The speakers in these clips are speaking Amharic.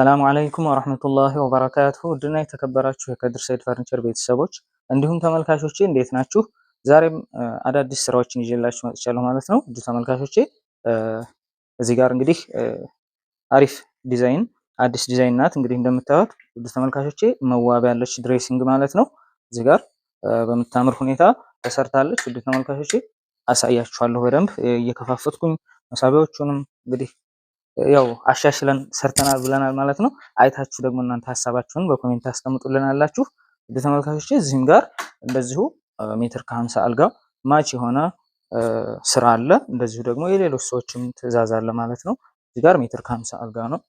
አሰላሙ አለይኩም ወረህመቱላሂ ወበረካቱሁ ውድና የተከበራችሁ የከድር ሰይድ ፈርኒቸር ቤተሰቦች እንዲሁም ተመልካቾቼ እንዴት ናችሁ? ዛሬም አዳዲስ ስራዎችን ይዤላችሁ መጥቻለሁ ማለት ነው። ውድ ተመልካቾቼ እዚህ ጋር እንግዲህ አሪፍ ዲዛይን አዲስ ዲዛይን ናት። እንግዲህ እንደምታዩት ውድ ተመልካቾቼ መዋቢያ ያለች ድሬሲንግ ማለት ነው። እዚህ ጋር በምታምር ሁኔታ ተሰርታለች። ውድ ተመልካቾቼ አሳያችኋለሁ በደንብ እየከፋፈትኩኝ መሳቢያዎቹንም እንግዲህ ያው አሻሽለን ሰርተናል ብለናል ማለት ነው። አይታችሁ ደግሞ እናንተ ሀሳባችሁን በኮሜንት አስቀምጡልናላችሁ። ወደ ተመልካቾች እዚህም ጋር እንደዚሁ ሜትር ከሀምሳ አልጋ ማች የሆነ ስራ አለ። እንደዚሁ ደግሞ የሌሎች ሰዎችም ትዕዛዝ አለ ማለት ነው። እዚህ ጋር ሜትር ከሀምሳ አልጋ ነው።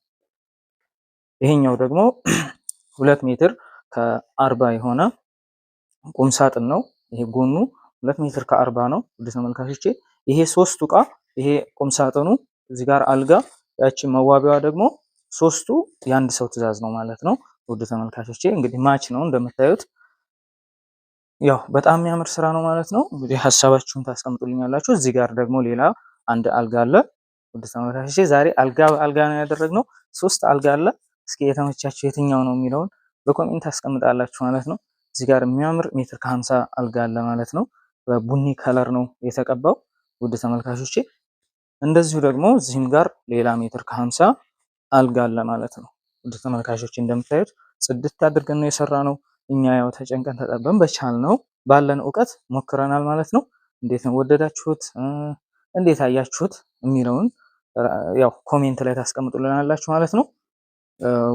ይሄኛው ደግሞ ሁለት ሜትር ከአርባ የሆነ ቁም ሳጥን ነው። ይሄ ጎኑ ሁለት ሜትር ከአርባ ነው። ወደ ተመልካቾቼ ይሄ ሶስቱ እቃ ይሄ ቁም ሳጥኑ እዚህ ጋር አልጋ ያችን መዋቢያዋ ደግሞ ሶስቱ የአንድ ሰው ትዕዛዝ ነው ማለት ነው። ውድ ተመልካቾች እንግዲህ ማች ነው እንደምታዩት ያው በጣም የሚያምር ስራ ነው ማለት ነው። እንግዲህ ሀሳባችሁን ታስቀምጡልኛላችሁ። እዚህ ጋር ደግሞ ሌላ አንድ አልጋ አለ። ውድ ተመልካቾች ዛሬ አልጋ አልጋ ነው ያደረግነው። ሶስት አልጋ አለ። እስኪ የተመቻቸው የትኛው ነው የሚለውን በኮሜንት ታስቀምጣላችሁ ማለት ነው። እዚህ ጋር የሚያምር ሜትር ከሀምሳ አልጋ አለ ማለት ነው። በቡኒ ከለር ነው የተቀባው ውድ ተመልካቾቼ እንደዚሁ ደግሞ እዚህም ጋር ሌላ ሜትር ከ50 አልጋ አለ ማለት ነው። ውድ ተመልካቾች እንደምታዩት ጽድት አድርገን ነው የሰራ ነው። እኛ ያው ተጨንቀን ተጠበን በቻል ነው። ባለን እውቀት ሞክረናል ማለት ነው። እንዴት ነው ወደዳችሁት? እንዴት አያችሁት? የሚለውን ያው ኮሜንት ላይ ታስቀምጡልናላችሁ ማለት ነው።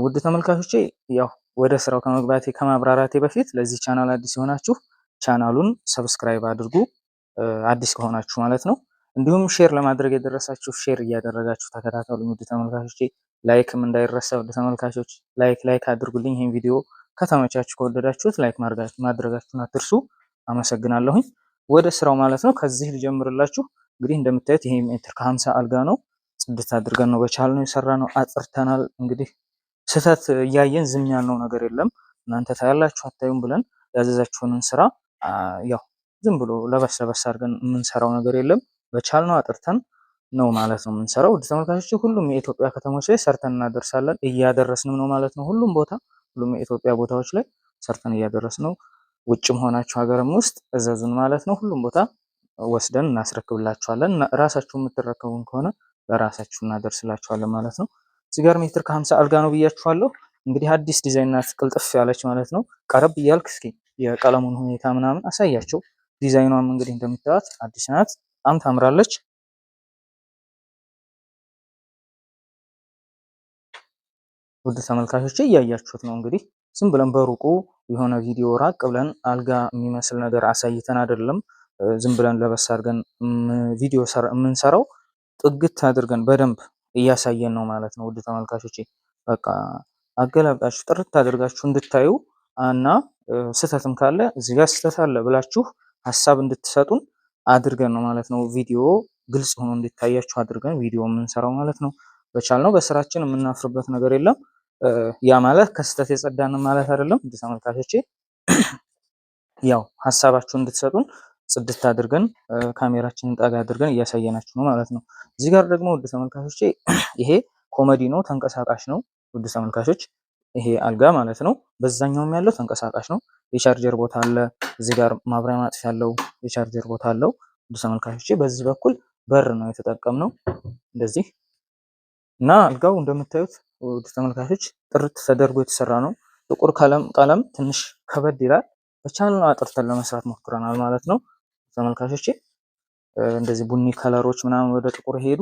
ውድ ተመልካቾቼ ያው ወደ ስራው ከመግባቴ ከማብራራቴ በፊት ለዚህ ቻናል አዲስ የሆናችሁ ቻናሉን ሰብስክራይብ አድርጉ፣ አዲስ ከሆናችሁ ማለት ነው። እንዲሁም ሼር ለማድረግ የደረሳችሁ ሼር እያደረጋችሁ ተከታተሉ። ውድ ተመልካቾች ላይክም እንዳይረሳ። ውድ ተመልካቾች ላይክ ላይክ አድርጉልኝ። ይህን ቪዲዮ ከተመቻችሁ ከወደዳችሁት ላይክ ማድረጋችሁን አትርሱ። አመሰግናለሁኝ። ወደ ስራው ማለት ነው። ከዚህ ልጀምርላችሁ። እንግዲህ እንደምታዩት ይሄ ሜትር ከሀምሳ አልጋ ነው። ጽድት አድርገን ነው በቻል ነው የሰራ ነው አጽርተናል። እንግዲህ ስህተት እያየን ዝም ያልነው ነገር የለም። እናንተ ታያላችሁ አታዩም ብለን ያዘዛችሁንን ስራ ያው ዝም ብሎ ለበስ ለበስ አድርገን የምንሰራው ነገር የለም። በቻልነው አጥርተን ነው ማለት ነው የምንሰራው። ውድ ተመልካቾች ሁሉም የኢትዮጵያ ከተሞች ላይ ሰርተን እናደርሳለን፣ እያደረስንም ነው ማለት ነው። ሁሉም ቦታ ሁሉም የኢትዮጵያ ቦታዎች ላይ ሰርተን እያደረስ ነው። ውጭም ሆናችሁ ሀገርም ውስጥ እዘዙን ማለት ነው። ሁሉም ቦታ ወስደን እናስረክብላችኋለን። ራሳችሁ የምትረከቡን ከሆነ በራሳችሁ እናደርስላችኋለን ማለት ነው። እዚህ ጋር ሜትር ከሀምሳ አልጋ ነው ብያችኋለሁ። እንግዲህ አዲስ ዲዛይን ናት፣ ቅልጥፍ ያለች ማለት ነው። ቀረብ እያልክ እስኪ የቀለሙን ሁኔታ ምናምን አሳያቸው። ዲዛይኗም እንግዲህ እንደምታዩት አዲስ ናት። በጣም ታምራለች። ውድ ተመልካቾች እያያችሁት ነው እንግዲህ ዝም ብለን በሩቁ የሆነ ቪዲዮ ራቅ ብለን አልጋ የሚመስል ነገር አሳይተን አይደለም ዝም ብለን ለበስ አድርገን ቪዲዮ የምንሰራው ጥግት አድርገን በደንብ እያሳየን ነው ማለት ነው። ውድ ተመልካቾች በቃ አገላብጣችሁ ጥርት አድርጋችሁ እንድታዩ እና ስህተትም ካለ እዚህ ጋር ስህተት አለ ብላችሁ ሀሳብ እንድትሰጡን አድርገን ነው ማለት ነው። ቪዲዮ ግልጽ ሆኖ እንዲታያችሁ አድርገን ቪዲዮ የምንሰራው ማለት ነው። በቻልነው በስራችን የምናፍርበት ነገር የለም። ያ ማለት ከስህተት የጸዳንም ማለት አይደለም። እንደ ተመልካቾቼ ያው ሀሳባችሁን እንድትሰጡን ጽድት አድርገን ካሜራችንን ጠጋ አድርገን እያሳየናችሁ ነው ማለት ነው። እዚህ ጋር ደግሞ ውድ ተመልካቾቼ ይሄ ኮሜዲ ነው፣ ተንቀሳቃሽ ነው። ውድ ተመልካቾች ይሄ አልጋ ማለት ነው። በዛኛውም ያለው ተንቀሳቃሽ ነው። የቻርጀር ቦታ አለ። እዚህ ጋር ማብሪያ ማጥፊያ ያለው የቻርጀር ቦታ አለው። ውድ ተመልካቾች በዚህ በኩል በር ነው የተጠቀምነው እንደዚህ እና አልጋው እንደምታዩት ውድ ተመልካቾች ጥርት ተደርጎ የተሰራ ነው። ጥቁር ቀለም ትንሽ ከበድ ይላል። ብቻን አጥርተን ለመስራት ሞክረናል ማለት ነው ተመልካቾች። እንደዚህ ቡኒ ከለሮች ምናምን ወደ ጥቁር ሄዱ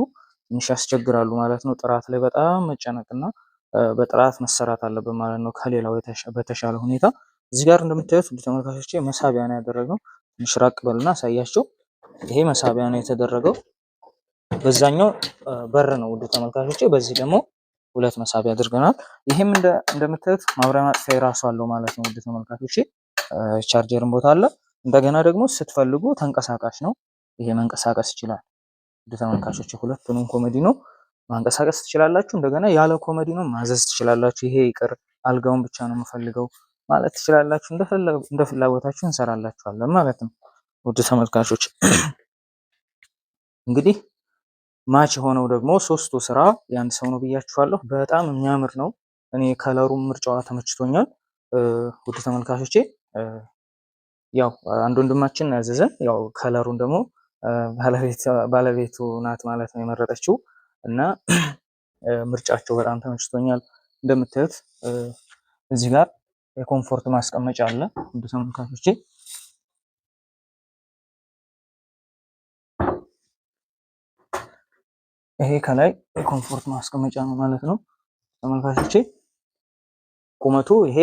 ትንሽ ያስቸግራሉ ማለት ነው። ጥራት ላይ በጣም መጨነቅና በጥራት መሰራት አለብን ማለት ነው ከሌላው በተሻለ ሁኔታ እዚህ ጋር እንደምታዩት ውድ ተመልካቾቼ መሳቢያ ነው ያደረግነው። ትንሽ ራቅ በልና አሳያቸው። ይሄ መሳቢያ ነው የተደረገው። በዛኛው በር ነው ውድ ተመልካቾቼ፣ በዚህ ደግሞ ሁለት መሳቢያ አድርገናል። ይሄም እንደምታዩት ማብሪያ ማጥፊያ የራሱ አለው ማለት ነው ውድ ተመልካቾቼ። ቻርጀርን ቦታ አለ። እንደገና ደግሞ ስትፈልጉ ተንቀሳቃሽ ነው ይሄ፣ መንቀሳቀስ ይችላል ውድ ተመልካቾቼ። ሁለቱንም ኮሜዲ ነው ማንቀሳቀስ ትችላላችሁ። እንደገና ያለ ኮሜዲ ነው ማዘዝ ትችላላችሁ። ይሄ ይቅር አልጋውን ብቻ ነው የምፈልገው ማለት ትችላላችሁ። እንደ ፍላጎታችሁ እንሰራላችኋለን ማለት ነው። ውድ ተመልካቾች እንግዲህ ማች የሆነው ደግሞ ሶስቱ ስራ የአንድ ሰው ነው ብያችኋለሁ። በጣም የሚያምር ነው። እኔ ከለሩ ምርጫዋ ተመችቶኛል። ውድ ተመልካቾቼ ያው አንድ ወንድማችን ያዘዘን ያው ከለሩን ደግሞ ባለቤቱ ናት ማለት ነው የመረጠችው እና ምርጫቸው በጣም ተመችቶኛል። እንደምታዩት እዚህ ጋር የኮምፎርት ማስቀመጫ አለ። ውድ ይሄ ከላይ የኮምፎርት ማስቀመጫ ነው ማለት ነው። ተመልካቾቼ ቁመቱ ይሄ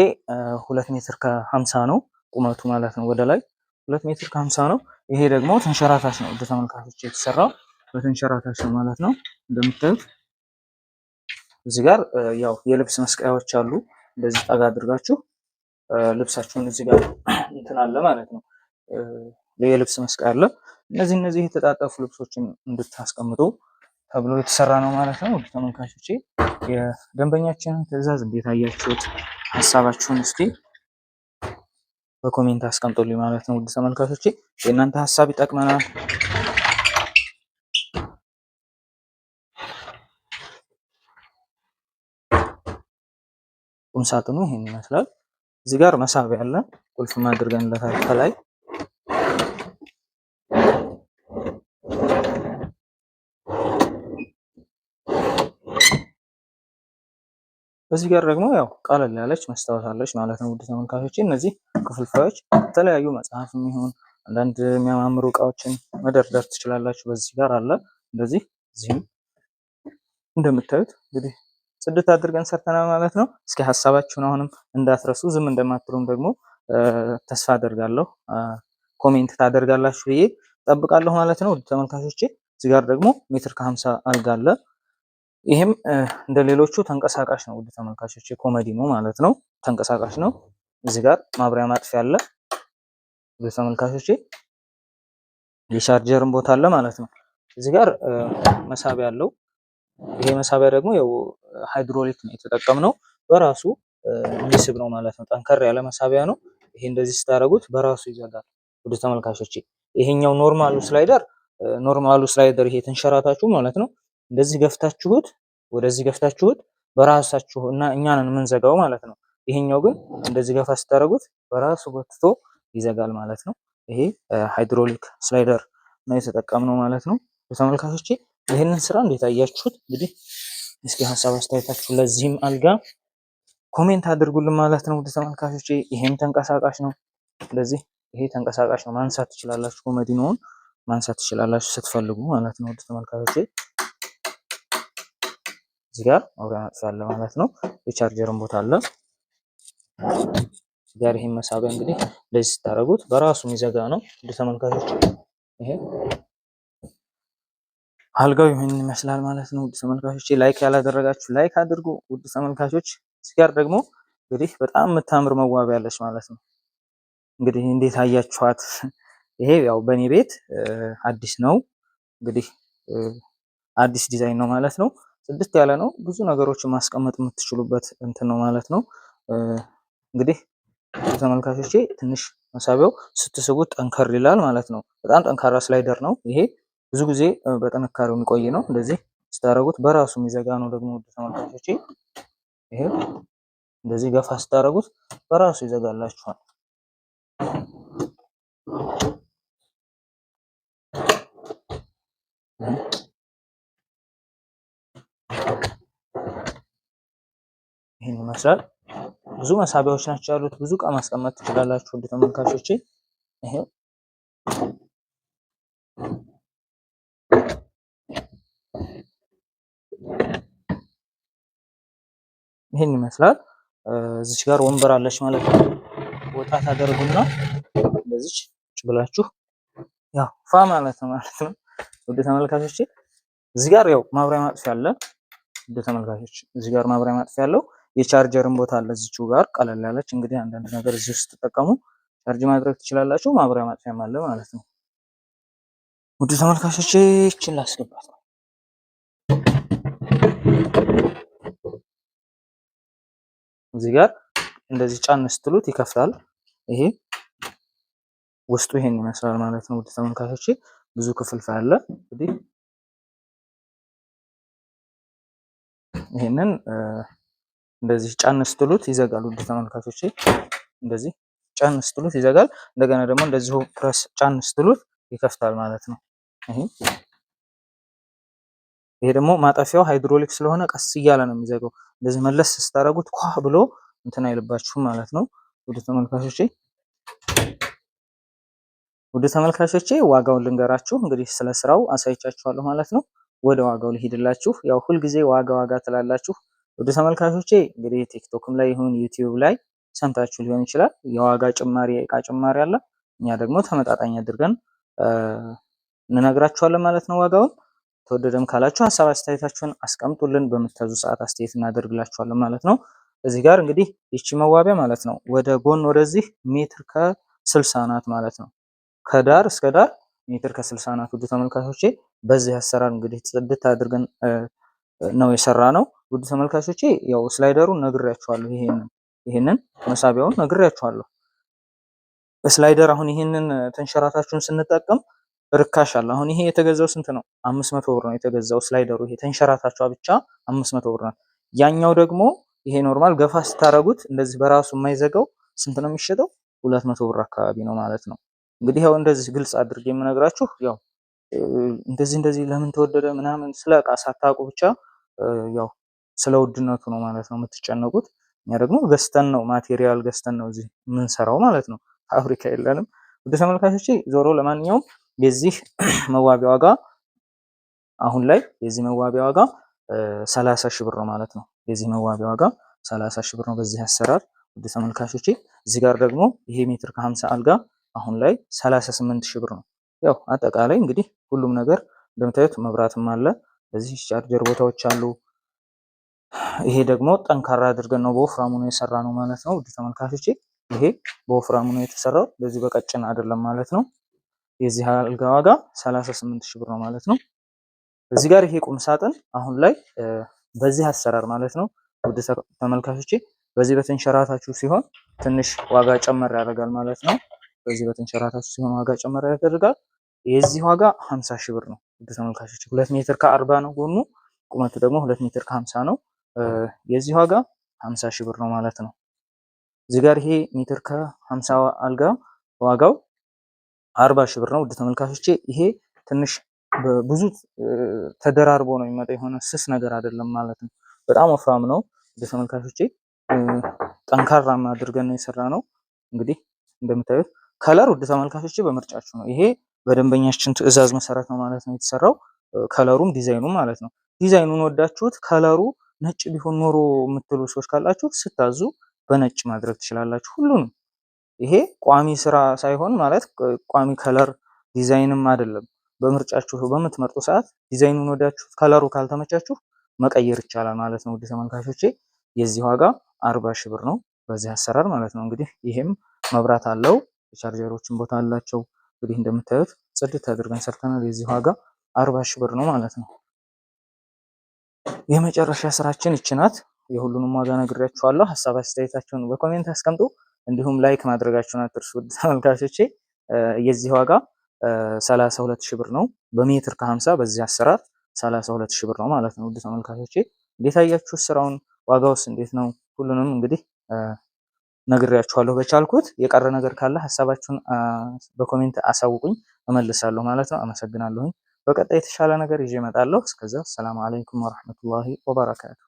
ሁለት ሜትር ከሀምሳ ነው ቁመቱ ማለት ነው። ወደ ላይ ሁለት ሜትር ከሀምሳ ነው። ይሄ ደግሞ ተንሸራታች ነው። ውድ ተመልካቾቼ የተሰራው በተንሸራታች ነው ማለት ነው። እንደምታዩት እዚህ ጋር ያው የልብስ መስቀያዎች አሉ። እንደዚህ ጠጋ አድርጋችሁ ልብሳችሁን እዚህ ጋር እንትን አለ ማለት ነው። የልብስ መስቀያ አለ። እነዚህ እነዚህ የተጣጠፉ ልብሶችን እንድታስቀምጡ ተብሎ የተሰራ ነው ማለት ነው። ተመልካቾች ተመልካቾቼ የደንበኛችንን ትዕዛዝ እንዴት አያችሁት? ሀሳባችሁን እስኪ በኮሜንት አስቀምጡልኝ ማለት ነው። ውድ ተመልካቾቼ የእናንተ ሀሳብ ይጠቅመናል። ቁምሳጥኑ ይህን ይመስላል። እዚህ ጋር መሳቢያ አለ። ቁልፍ አድርገንለታል ከላይ በዚህ ጋር ደግሞ ያው ቀለል ያለች መስታወት አለች ማለት ነው። ውድ ተመልካቾች እነዚህ ክፍልፋዮች የተለያዩ መጽሐፍ የሚሆን አንዳንድ የሚያማምሩ እቃዎችን መደርደር ትችላላችሁ። በዚህ ጋር አለ እንደዚህ እዚህም እንደምታዩት እንግዲህ ጽድት አድርገን ሰርተናል ማለት ነው። እስኪ ሀሳባችሁን አሁንም እንዳትረሱ፣ ዝም እንደማትሉም ደግሞ ተስፋ አደርጋለሁ። ኮሜንት ታደርጋላችሁ ብዬ ጠብቃለሁ ማለት ነው። ተመልካቾች እዚህ ጋር ደግሞ ሜትር ከሀምሳ አልጋ አለ። ይህም እንደ ሌሎቹ ተንቀሳቃሽ ነው። ውድ ተመልካቾች ኮመዲ ነው ማለት ነው። ተንቀሳቃሽ ነው። እዚህ ጋር ማብሪያ ማጥፊያ አለ። ውድ ተመልካቾቼ የቻርጀርን ቦታ አለ ማለት ነው። እዚህ ጋር መሳቢያ አለው። ይሄ መሳቢያ ደግሞ ያው ሃይድሮሊክ ነው የተጠቀምነው። በራሱ የሚስብ ነው ማለት ነው። ጠንከር ያለ መሳቢያ ነው። ይሄ እንደዚህ ስታደርጉት በራሱ ይዘጋል። ወደ ተመልካቾች ይሄኛው ኖርማሉ ስላይደር ኖርማሉ ስላይደር ይሄ ተንሸራታችሁ ማለት ነው። እንደዚህ ገፍታችሁት ወደዚህ ገፍታችሁት በራሳችሁ እና እኛንን የምንዘጋው ማለት ነው። ይሄኛው ግን እንደዚህ ገፋ ስታደርጉት በራሱ ጎትቶ ይዘጋል ማለት ነው። ይሄ ሃይድሮሊክ ስላይደር ነው የተጠቀምነው ማለት ነው። ተመልካቾች ይህንን ስራ እንዴት አያችሁት? እንግዲህ እስኪ ሀሳብ አስተያየታችሁ ለዚህም አልጋ ኮሜንት አድርጉልን ማለት ነው። ውድ ተመልካቾች ይሄም ተንቀሳቃሽ ነው። ስለዚህ ይሄ ተንቀሳቃሽ ነው፣ ማንሳት ትችላላችሁ። ኮመዲኖውን ማንሳት ትችላላችሁ ስትፈልጉ ማለት ነው። ውድ ተመልካቾች እዚህ ጋር አውራ ማጥፋለ ማለት ነው። የቻርጀርን ቦታ አለ ጋር ይሄን መሳቢያ እንግዲህ እንደዚህ ስታደርጉት በራሱ የሚዘጋ ነው። ውድ ተመልካቾች ይሄ አልጋው ይህን ይመስላል ማለት ነው። ውድ ተመልካቾች ላይክ ያላደረጋችሁ ላይክ አድርጉ። ውድ ተመልካቾች ሲጋር ደግሞ እንግዲህ በጣም የምታምር መዋቢያ ያለች ማለት ነው። እንግዲህ እንዴት አያችኋት? ይሄ ያው በእኔ ቤት አዲስ ነው እንግዲህ አዲስ ዲዛይን ነው ማለት ነው። ጽድት ያለ ነው። ብዙ ነገሮችን ማስቀመጥ የምትችሉበት እንትን ነው ማለት ነው። እንግዲህ ተመልካቾቼ ትንሽ መሳቢያው ስትስቡት ጠንከር ይላል ማለት ነው። በጣም ጠንካራ ስላይደር ነው ይሄ ብዙ ጊዜ በጥንካሬው የሚቆይ ነው። እንደዚህ ስታደርጉት በራሱ የሚዘጋ ነው። ደግሞ ውድ ተመልካቾች ይሄ እንደዚህ ገፋ ስታደርጉት በራሱ ይዘጋላችኋል። ይህን ይመስላል። ብዙ መሳቢያዎች ናቸው ያሉት። ብዙ እቃ ማስቀመጥ ትችላላችሁ ውድ ተመልካቾች ይሄ ይህን ይመስላል። እዚች ጋር ወንበር አለች ማለት ነው። ወጣ ታደርጉና እንደዚች ቁጭ ብላችሁ ያው ፋ ማለት ነው ማለት ነው። ውድ ተመልካቾች እዚህ ጋር ያው ማብሪያ ማጥፊያ አለ። ውድ ተመልካቾች እዚህ ጋር ማብሪያ ማጥፊያ ያለው የቻርጀርን ቦታ አለ እዚቹ ጋር ቀለል ያለች እንግዲህ አንዳንድ ነገር እዚህ ውስጥ ተጠቀሙ ቻርጅ ማድረግ ትችላላችሁ። ማብሪያ ማጥፊያም አለ ማለት ነው። ውድ ተመልካቾች ይችን ላስገባት ነው። እዚህ ጋር እንደዚህ ጫን ስትሉት ይከፍታል። ይሄ ውስጡ ይሄን ይመስላል ማለት ነው። ውድ ተመልካቾች ብዙ ክፍልፋ ያለ እንግዲህ ይሄንን እንደዚህ ጫን ስትሉት ይዘጋል። ውድ ተመልካቾች እንደዚህ ጫን ስትሉት ይዘጋል። እንደገና ደግሞ እንደዚሁ ፕረስ ጫን ስትሉት ይከፍታል ማለት ነው። ይሄ ይሄ ደግሞ ማጠፊያው ሃይድሮሊክ ስለሆነ ቀስ እያለ ነው የሚዘጋው። እንደዚህ መለስ ስታደርጉት ኳ ብሎ እንትን አይልባችሁም ማለት ነው። ውድ ተመልካቾቼ ውድ ተመልካቾቼ ዋጋውን ልንገራችሁ እንግዲህ ስለ ስራው አሳይቻችኋለሁ ማለት ነው። ወደ ዋጋው ልሂድላችሁ። ያው ሁልጊዜ ዋጋ ዋጋ ትላላችሁ ውድ ተመልካቾቼ። እንግዲህ ቲክቶክም ላይ ይሁን ዩቲዩብ ላይ ሰምታችሁ ሊሆን ይችላል የዋጋ ጭማሪ፣ የእቃ ጭማሪ አለ። እኛ ደግሞ ተመጣጣኝ አድርገን እንነግራችኋለን ማለት ነው ዋጋውን ተወደደም ካላችሁ ሀሳብ አስተያየታችሁን አስቀምጡልን። በምታዙ ሰዓት አስተያየት እናደርግላችኋለን ማለት ነው። እዚህ ጋር እንግዲህ ይቺ መዋቢያ ማለት ነው ወደ ጎን ወደዚህ ሜትር ከስልሳ ናት ማለት ነው። ከዳር እስከ ዳር ሜትር ከስልሳ ናት። ውድ ተመልካቾቼ በዚህ አሰራር እንግዲህ ጽድት አድርገን ነው የሰራ ነው። ውድ ተመልካቾቼ ያው ስላይደሩን ነግሬያችኋለሁ። ይሄንን ይሄንን መሳቢያውን ነግሬያችኋለሁ። ስላይደር አሁን ይሄንን ተንሸራታችሁን ስንጠቀም ርካሽ አለ። አሁን ይሄ የተገዛው ስንት ነው? 500 ብር ነው የተገዛው። ስላይደሩ ይሄ ተንሸራታቿ ብቻ 500 ብር ነው። ያኛው ደግሞ ይሄ ኖርማል ገፋ ስታረጉት እንደዚህ በራሱ የማይዘጋው ስንት ነው የሚሸጠው? 200 ብር አካባቢ ነው ማለት ነው። እንግዲህ ያው እንደዚህ ግልጽ አድርጌ የምነግራችሁ ያው እንደዚህ እንደዚህ ለምን ተወደደ ምናምን ስለ ሳታቁ ሳታውቁ ብቻ ያው ስለ ውድነቱ ነው ማለት ነው የምትጨነቁት። እኛ ደግሞ ገዝተን ነው ማቴሪያል ገዝተን ነው እዚህ የምንሰራው ማለት ነው። ፋብሪካ የለንም። ውድ ተመልካቾች ዞሮ ለማንኛውም የዚህ መዋቢያ ዋጋ አሁን ላይ የዚህ መዋቢያ ዋጋ 30 ሺህ ብር ነው ማለት ነው። የዚህ መዋቢያ ዋጋ 30 ሺህ ብር ነው በዚህ አሰራር ውድ ተመልካቾች እዚህ ጋር ደግሞ ይሄ ሜትር ከ50 አልጋ አሁን ላይ 38 ሺህ ብር ነው። ያው አጠቃላይ እንግዲህ ሁሉም ነገር እንደምታዩት መብራትም አለ። በዚህ ቻርጀር ቦታዎች አሉ። ይሄ ደግሞ ጠንካራ አድርገን ነው በወፍራሙ ነው የሰራ ነው ማለት ነው ውድ ተመልካቾቼ። ይሄ በወፍራሙ ነው የተሰራው፣ በዚህ በቀጭን አይደለም ማለት ነው። የዚህ አልጋ ዋጋ 38 ሺህ ብር ነው ማለት ነው። እዚህ ጋር ይሄ ቁም ሳጥን አሁን ላይ በዚህ አሰራር ማለት ነው ውድ ተመልካቾቼ፣ በዚህ በተንሸራታችሁ ሲሆን ትንሽ ዋጋ ጨመር ያደርጋል ማለት ነው። በዚህ በተንሸራታችሁ ሲሆን ዋጋ ጨመር ያደርጋል። የዚህ ዋጋ 50 ሺህ ብር ነው ውድ ተመልካቾቼ። 2 ሜትር ከ40 ነው ጎኑ፣ ቁመቱ ደግሞ 2 ሜትር ከ50 ነው። የዚህ ዋጋ 50 ሺህ ብር ነው ማለት ነው። እዚህ ጋር ይሄ ሜትር ከ50 አልጋ ዋጋው አርባ ሺህ ብር ነው። ውድ ተመልካቾቼ ይሄ ትንሽ ብዙ ተደራርቦ ነው የሚመጣ የሆነ ስስ ነገር አይደለም ማለት ነው። በጣም ወፍራም ነው። ውድ ተመልካቾቼ ጠንካራ አድርገን ነው የሰራ ነው። እንግዲህ እንደምታዩት ከለር ውድ ተመልካቾቼ በምርጫችሁ ነው። ይሄ በደንበኛችን ትዕዛዝ መሰረት ነው ማለት ነው የተሰራው። ከለሩም ዲዛይኑ ማለት ነው። ዲዛይኑን ወዳችሁት ከለሩ ነጭ ቢሆን ኖሮ የምትሉ ሰዎች ካላችሁ ስታዙ በነጭ ማድረግ ትችላላችሁ ሁሉንም ይሄ ቋሚ ስራ ሳይሆን ማለት ቋሚ ከለር ዲዛይንም አይደለም። በምርጫችሁ በምትመርጡ ሰዓት ዲዛይኑን ወዳችሁ ከለሩ ካልተመቻችሁ መቀየር ይቻላል ማለት ነው። ውድ ተመልካቾቼ የዚህ ዋጋ አርባ ሺህ ብር ነው በዚህ አሰራር ማለት ነው። እንግዲህ ይሄም መብራት አለው የቻርጀሮችን ቦታ አላቸው። እንግዲህ እንደምታዩት ጽድት አድርገን ሰርተናል። የዚህ ዋጋ አርባ ሺህ ብር ነው ማለት ነው። የመጨረሻ ስራችን ናት የሁሉንም ዋጋ ነግሬያችኋለሁ። ሀሳብ አስተያየታችሁን በኮሜንት አስቀምጡ። እንዲሁም ላይክ ማድረጋችሁን አትርሱ ተመልካቾቼ። የዚህ ዋጋ 32 ሺህ ብር ነው። በሜትር ከ50 በዚህ አሰራር 32 ሺህ ብር ነው ማለት ነው። ውድ ተመልካቾቼ እንዴት አያችሁ ስራውን? ዋጋውስ እንዴት ነው? ሁሉንም እንግዲህ ነግሬያችኋለሁ በቻልኩት። የቀረ ነገር ካለ ሀሳባችሁን በኮሜንት አሳውቁኝ እመልሳለሁ ማለት ነው። አመሰግናለሁኝ። በቀጣይ የተሻለ ነገር ይዤ እመጣለሁ። እስከዛ ሰላም አለይኩም ወራህመቱላሂ ወበረካቱ።